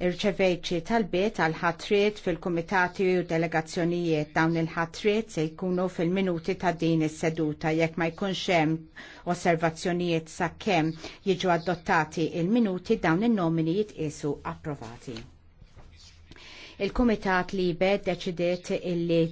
irċevejt tal talbiet għal ħatriet fil-kumitati u delegazzjonijiet dawn il-ħatriet se jkunu fil-minuti ta' din is-seduta jekk ma jkunx hemm osservazzjonijiet sakemm jiġu adottati il-minuti dawn in-nomini jitqisu approvati. Il-Kumitat Libe deċidiet illi